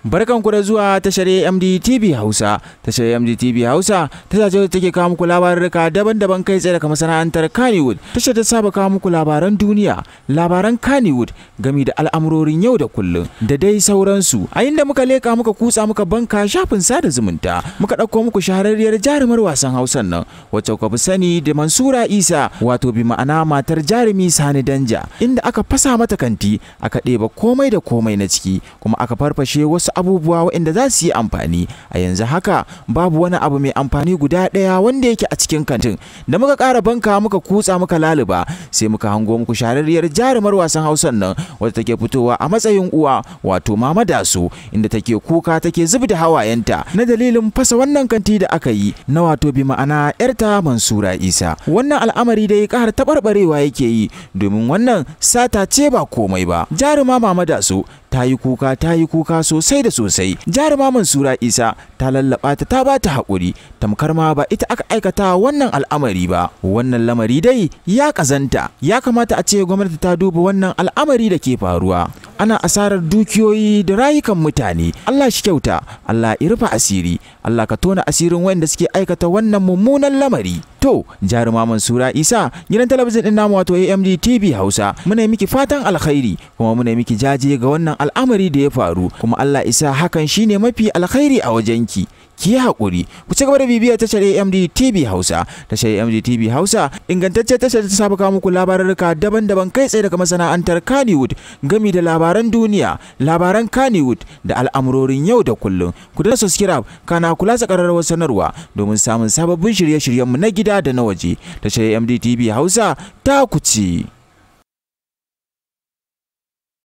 Barkan ku da zuwa tashar AMD TV Hausa. Tashar AMD TV Hausa tasha da take kawo muku labarurruka daban-daban kai tsaye daga masana'antar Kannywood. Tashar ta saba kawo muku labaran duniya, labaran Kannywood gami da al'amurorin yau da kullum da dai sauransu. A inda muka leka muka kutsa muka banka shafin sada zumunta, muka ɗauko muku shahararriyar jarumar wasan Hausan nan wacce ku fi sani da Mansura Isa wato bi ma'ana matar jarumi Sani Danja inda aka fasa mata kanti aka ɗeba komai da komai na ciki kuma aka farfashe wasu wasu abubuwa waɗanda za su yi amfani a yanzu haka babu wani abu mai amfani guda ɗaya wanda yake a cikin kantin da muka ƙara banka muka kutsa muka laluba sai muka hango muku shahararriyar jarumar wasan hausan nan wadda take fitowa a matsayin uwa wato mama dasu inda take kuka take zub da hawayenta na dalilin fasa wannan kanti da aka yi na wato bi ma'ana yarta mansura isa wannan al'amari dai kahar taɓarɓarewa yake yi domin wannan sata ce ba komai ba jaruma mama dasu ta yi kuka ta yi kuka sosai da sosai jarumaman sura isa ta lallaba ta ta ba ta haƙuri tamkar ma ba ita aka aikata wannan al'amari ba wannan lamari dai ya kazanta ya kamata a ce gwamnati ta duba wannan al'amari da ke faruwa ana asarar dukiyoyi da rayukan mutane Allah shi kyauta Allah ya rufa asiri Allah ka tona asirin wanda suke aikata wannan mummunan lamari to jaruma mansura isa gidan talabijin din namu wato AMD TV Hausa muna miki fatan alkhairi kuma muna miki jaje ga wannan al'amari da ya faru kuma Allah isa hakan shine mafi alkhairi a wajen ki ki hakuri ku ci gaba da bibiyar tashar AMD TV Hausa tashar AMD TV Hausa ingantacce tashar ta saba muku labarurruka daban-daban kai tsaye daga masana'antar Kannywood gami da labaran labaran duniya, labaran Kannywood da al'amurorin yau da kullum. Ku da subscribe kana kula da ƙararrawar sanarwa domin samun sababbin shirye-shiryenmu na gida da na waje. Tashar MDTV Hausa ta kuci. ci.